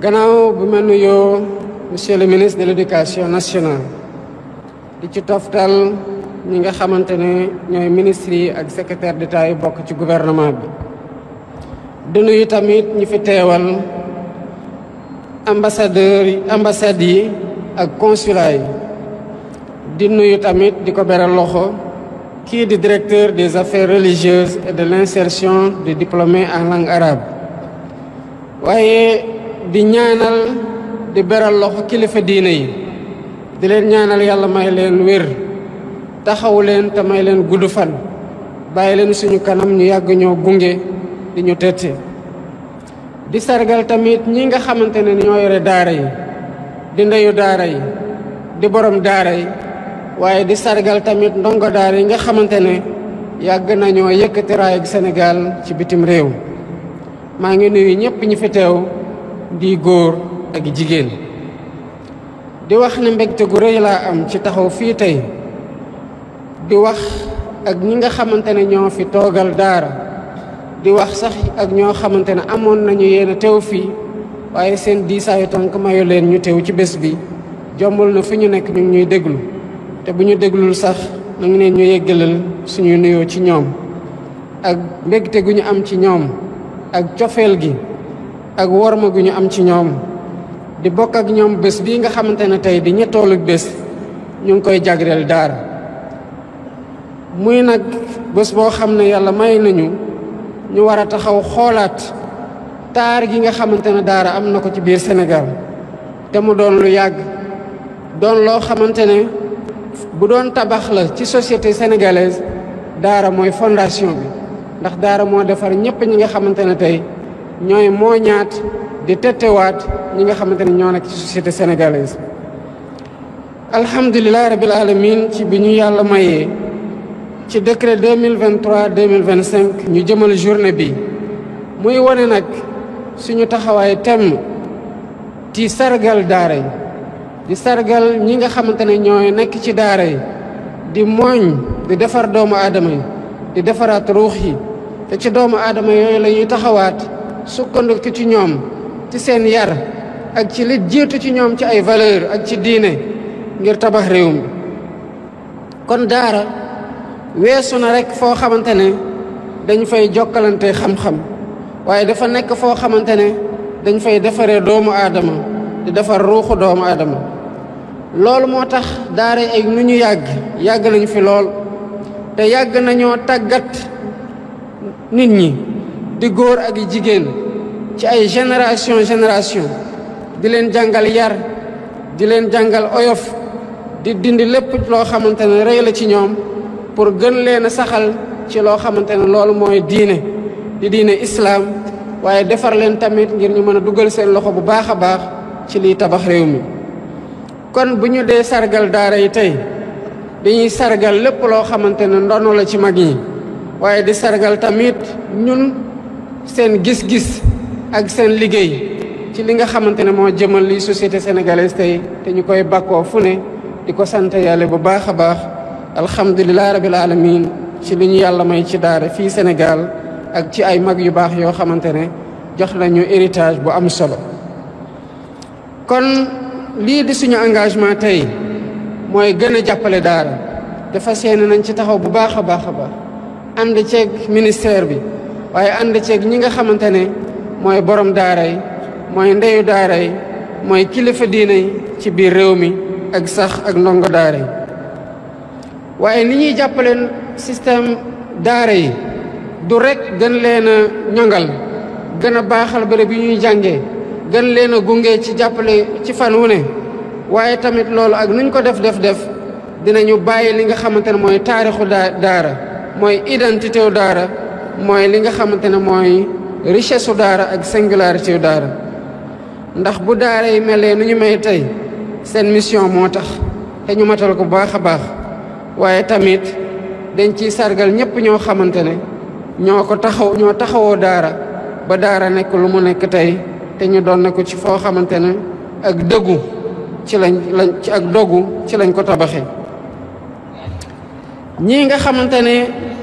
gannaaw bi ma nuyoo monsieur le ministre de l' éducation nationale di ci toftal ñi nga xamante ne ñooy ministres yi ak secrétaire d'état yi bokk ci gouvernement bi di nuyu tamit ñi fi teewal ambassadeurs yi yi ak consulat yi di nuyu tamit di ko beral loxo kii di directeur des affaires religieuses et de l'insertion de diplômés en langue arabe waaye di ñaanal di beral loxo kilifa diine yi di leen ñaanal yàlla may leen wér taxawu leen te may leen gudd fan bàyyi leen suñu kanam ñu yàgg ñoo gunge di ñu tette di sargal tamit ñi nga xamante ne ñoo yore daara yi di ndeyu daara yi di boroom daara yi waaye di sargal tamit ndongo daara yi nga xamante ne yàgg nañoo yëkkati raay ak ci bitim réew maa ngi nuyu ñëpp ñi fi teew di góor ak jigéen di wax ne mbégte gu rëy laa am ci taxaw fii tey di wax ak ñi nga xamante ne ñoo fi toogal daara di wax sax ak ñoo xamante ne amoon nañu yéen a teew fii waaye seen diisaayu tànk mayu leen ñu teew ci bés bi jombul na fi ñu nekk ñu ñuy déglu te bu ñu déglul sax na ngi leen ñu yéggalal suñuy nuyoo ci ñoom ak mbégte gu ñu am ci ñoom ak cofeel gi ak worma gu ñu am ci ñoom di bokk ak ñoom bés bii nga xamante ne tey di ñettoolu bés ñu ngi koy jagleel daara muy nag bés boo xam ne yàlla may nañu ñu war a taxaw xoolaat taar gi nga xamante ne daara am na ko ci biir Sénégal te mu doon lu yàgg doon loo xamante ne bu doon tabax la ci société sénégalaise daara mooy fondation bi ndax daara moo defar ñëpp ñi nga xamante ne tey ñooy mooñaat di tettewaat ñi nga xamante ne ñoo nekk ci société sénégalaise alhamdulilah rabil alamin ci bi ñu yàlla mayee ci décret 2023 2025 ñu jëmal journée bi muy wane nag suñu taxawaay temm ci sargal daara yi di sargal ñi nga xamante ne ñooy nekk ci daara yi di mooñ di defar doomu aadama yi di defaraat ruux yi te ci doomu aadama yooyu la taxawaat sukkandiku ci ñoom ci seen yar ak ci li jiitu ci ñoom ci ay valeur ak ci diine ngir tabax réew mi kon daara weesu na rekk foo xamante ne dañ fay jokkalante xam-xam waaye dafa nekk foo xamante ne dañ fay defaree doomu aadama di defar ruuxu doomu aadama loolu moo tax daara egg nu ñu yàgg yàgg nañ fi lool te yàgg nañoo tàggat nit ñi di góor ak i jigéen ci ay génération génération di leen jàngal yar di leen jàngal oyof di dindi lépp loo xamante ne rëy la ci ñoom pour gën leen a saxal ci loo xamante ne loolu mooy diine di diine islaam waaye defar leen tamit ngir ñu mën a dugal seen loxo bu baax a baax ci liy tabax réew mi kon bu ñu dee sargal daara yi tey dañuy sargal lépp loo xamante ne ndono la ci mag yi waaye di sargal tamit ñun seen gis-gis ak seen liggéey ci li nga xamante ne moo jëmal li société sénégalaise tey te ñu koy bàkkoo fu ne di ko sant yàlla bu baax a baax alhamdulilah rabil alamin ci li ñu yàlla mooy ci daara fii Sénégal ak ci ay mag yu baax yoo xamante ne jox nañu héritage bu am solo kon lii di suñu engagement tey mooy gën a jàppale daara dafa seen nañ ci taxaw bu baax a baax a baax ànd ceeg ministère bi waaye ànd ceeg ñi nga xamante ne mooy borom daara yi mooy ndeyu daara yi mooy kilifa diine yi ci biir réew mi ak sax ak ndongo daara yi waaye ni ñuy jàppaleen système daara yi du rek gën leen a ñongal gën a baaxal bërëb bi ñuy jànge gën leen a gunge ci jàppale ci fan wu ne waaye tamit loolu ak nuñ ko def def def dinañu bàyyi li nga xamante ne mooy taarixu daara mooy identité daara mooy li nga xamante ne mooy richesse su daara ak singularité daara ndax bu daara yi melee nu ñu may tey seen mission moo tax te ñu matal ko baax a baax waaye tamit dañ ciy sargal ñëpp ñoo xamante ne ñoo ko taxaw ñoo taxawoo daara ba daara nekk lu mu nekk tey te ñu doon ne ci foo xamante ne ak dëggu ci lañ lañ ci ak dogu ci lañ ko tabaxee ñii nga xamante ne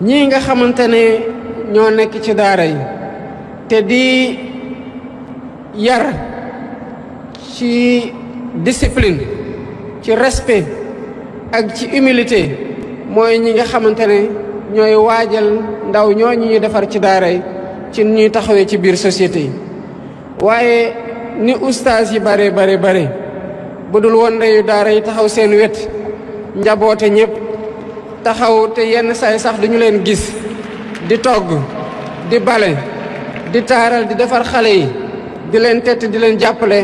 ñi nga xamante ne ñoo nekk ci daara yi te di yar ci discipline ci respe ak ci humilité mooy ñi nga xamante ne ñooy waajal ndaw ñoo ñu defar ci daara yi ci ñuy taxawee ci biir société yi waaye ni ustaas yi bare bare bare bu dul woon ndeyu daara yi taxaw seen wet njaboote ñëpp taxaw te yenn say sax duñu leen gis di togg di bale di taaral di defar xale yi di leen tett di leen jàppale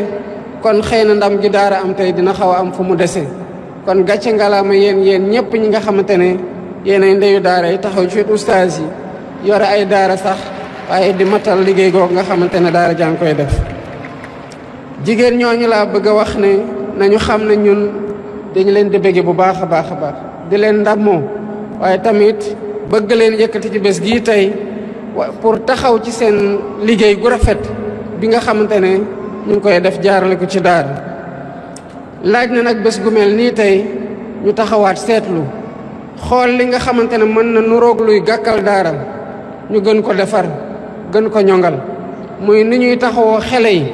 kon xëy na ndam gi daara am tey dina xaw a am fu mu desee kon gàcce ngalaama yéen yéen ñëpp ñi nga xamante ne yéenay ndeyu daara yi taxaw ci ustaas yi yore ay daara sax waaye di matal liggéey googu nga xamante ne daara jàng koy def jigéen ñooñu laa bëgg a wax ne nañu xam ne ñun dañu leen di bëgge bu baax a baax a baax di leen ndàmmoo waaye tamit bëgg leen yëkkati ci bés gii tey pour taxaw ci seen liggéey gu rafet bi nga xamante ne ñu koy def jaarale ko ci daara laaj na nag bés gu nii tey ñu taxawaat seetlu xool li nga xamante ne mën na nuroog luy gàkkal daara ñu gën ko defar gën ko ñongal muy ni ñuy taxawoo xele yi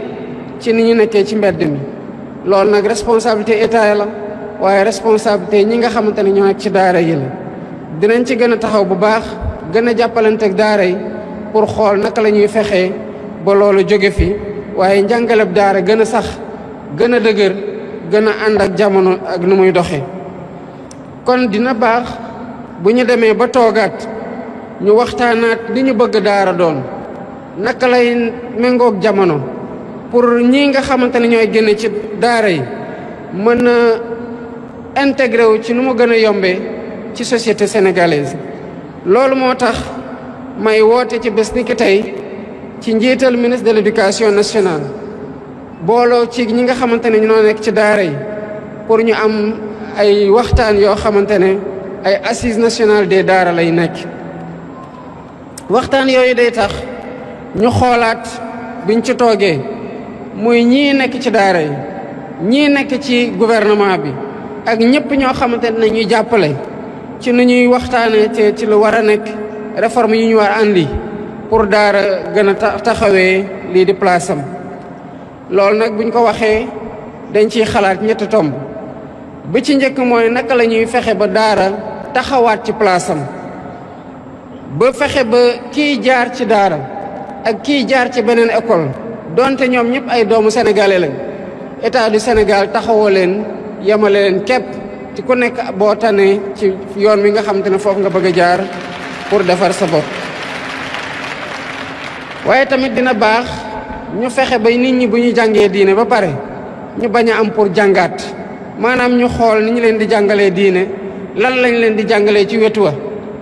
ci ni ñu nekkee ci mbedd mi loolu nag responsabilité état la waaye responsabilité yi ñi nga xamante ne ñoo nekk ci daara yi la dinañ ci gën a taxaw bu baax gën a jàppalanteeg daara yi pour xool naka la ñuy fexee ba loolu jóge fi waaye njàngaleb daara gën a sax gën a dëgër gën a ànd ak jamono ak nu muy doxe kon dina baax bu ñu demee ba toogaat ñu waxtaanaat li ñu bëgg daara doon naka lay méngoog jamono pour ñii nga xamante ne ñooy génne ci daara yi mën a intégré wu ci nu mu gën a yombee ci société sénégalaise loolu moo tax may woote ci bés ni ki tey ci njiital ministre de l'éducation nationale booloo ci ñi nga xamante ne ñoo nekk ci daara yi pour ñu am ay waxtaan yoo xamante ne ay assises nationales des daara lay nekk waxtaan yooyu day tax ñu xoolaat biñ ci toogee muy ñii nekk ci daara yi ñii nekk ci gouvernement bi ak ñëpp ñoo xamante ne ñuy jàppale ci nu ñuy waxtaanee te ci lu war a nekk réforme yi ñu war a andi pour daara gën a taxawee lii di place am loolu nag buñ ko waxee dañ ciy xalaat ñetti tomb bi ci njëkk mooy naka la ñuy fexe ba daara taxawaat ci place ba fexe ba kiy jaar ci daara ak kiy jaar ci beneen école donte ñoom ñëpp ay doomu sénégalais lañ état du Sénégal taxawoo leen. yamale leen képp ci ku nekk boo tane ci yoon wi nga xamante te ne foofu nga bëgg a jaar pour defar sa bopp waaye tamit dina baax ñu fexe ba nit ñi bu ñu jàngee diine ba pare ñu bañ a am pour jàngaat maanaam ñu xool ni ñu leen di jàngalee diine lan lañ leen di jàngalee ci wetu wa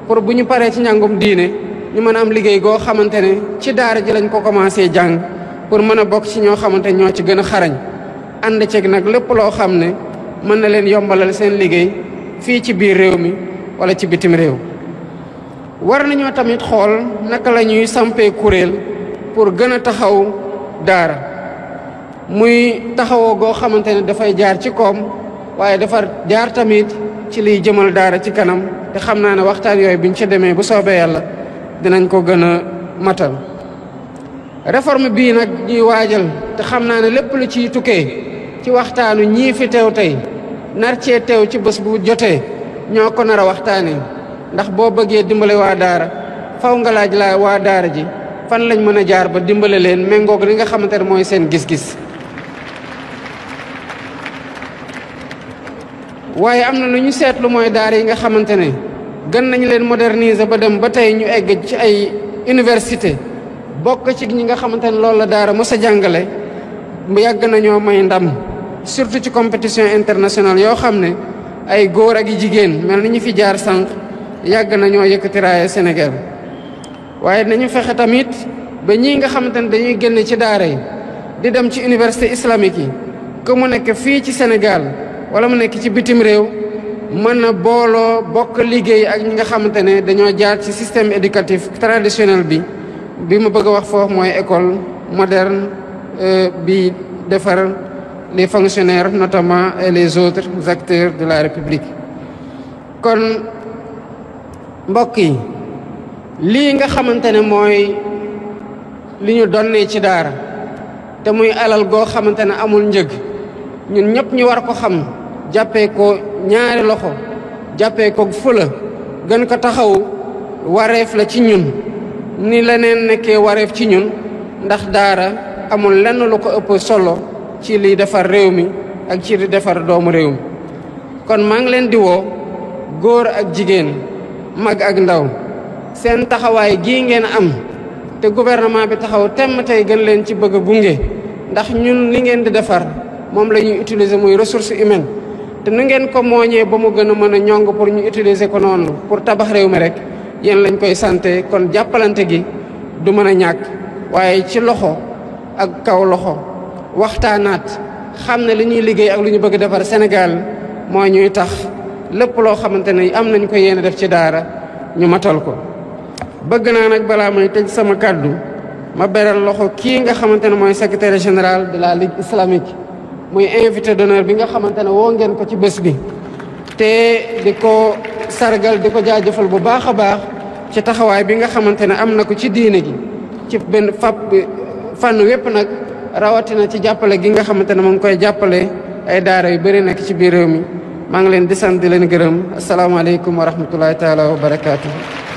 pour bu ñu paree ci njàngum diine ñu mën a am liggéey goo xamante ne ci daara ji lañ ko commencé jàng pour mën a bokk ci ñoo xamante ñoo ci gën xarañ ànd ceeg nag lépp loo xam ne mën na leen yombalal seen liggéey fii ci biir réew mi wala ci bitim réew war nañoo tamit xool naka lañuy ñuy sampee kuréel pour gën a taxaw daara muy taxawoo goo xamante ne dafay jaar ci koom waaye dafa jaar tamit ci liy jëmal daara ci kanam te xam naa ne waxtaan yooyu biñ ca demee bu soobee yàlla dinañ ko gën a matal réforme bii nag ñuy waajal te xam naa ne lépp lu ciy tukkee ci waxtaanu ñii fi teew tey nar cee teew ci bés bu jotee ñoo ko nar a waxtaane ndax boo bëggee dimbale waa daara faw nga laaj la waa daara ji fan lañ mën a jaar ba dimbale leen méngoog li nga xamante ne mooy seen gis-gis waaye am na lu ñu seetlu mooy daara yi nga xamante ne gën nañ leen moderniser ba dem ba tey ñu egg ci ay université bokk ci ñi nga xamante ne loolu la daara mos a jàngale yàgg nañoo may ndam surtout ci compétition internationale yoo xam ne ay góor ak yi jigéen mel ni ñu fi jaar sànq yàgg nañoo yëkkati raaya Sénégal waaye nañu fexe tamit ba ñii nga xamante ne dañuy génn ci daara yi di dem ci université islamique yi que mu nekk fii ci Sénégal wala mu nekk ci bitim réew mën na booloo bokk liggéey ak ñi nga xamante ne dañoo jaar ci système éducatif traditionnel bi bi mu bëgg a wax foofu mooy école moderne euh, bi defar les fonctionnaires notamment et les autres acteurs de la République kon mbokk yi lii nga xamante ne mooy li ñu donnee ci daara te muy alal goo xamante ne amul njëg ñun ñëpp ñu war ko xam jàppee ko ñaari loxo jàppee ko fula gën ko taxaw wareef la ci ñun ni leneen nekkee wareef ci ñun ndax daara amul lenn lu ko ëpp solo ci li defar réew mi ak ci li defar doomu réew mi kon maa ngi leen di woo góor ak jigéen mag ak ndaw seen taxawaay gii ngeen am te gouvernement bi taxaw temm tey gën leen ci bëgg a gunge ndax ñun li ngeen di defar moom lañuy ñuy utiliser muy ressource humaine te nu ngeen ko mooñee ba mu gën a mën a ñong pour ñu utiliser ko noonu pour tabax réew mi rek yéen lañ koy santé kon jàppalante gi du mën a ñàkk waaye ci loxo ak kaw loxo waxtaanaat xam ne li ñuy liggéey ak lu ñu bëgg defar Sénégal mooy ñuy tax lépp loo xamante ne am nañ ko yéene def ci daara ñu matal ko. bëgg naa nag balaa may tëj sama kàddu ma beral loxo kii nga xamante ne mooy secretaire général de la ligue islamique muy invité d'honneur bi nga xamante ne woo ngeen ko ci bés bi. te di ko sargal di ko jaajëfal bu baax a baax ci taxawaay bi nga xamante ne am na ko ci diine gi ci benn fàpp fànn wépp nag. rawatina ci jàppale gi nga xamante ne mu ngi koy jàppale ay daara yu bëri nekk ci biir réew mi maa ngi leen di di leen gërëm asalaamaaleykum wa rahmatullahi taala wa barakaatu.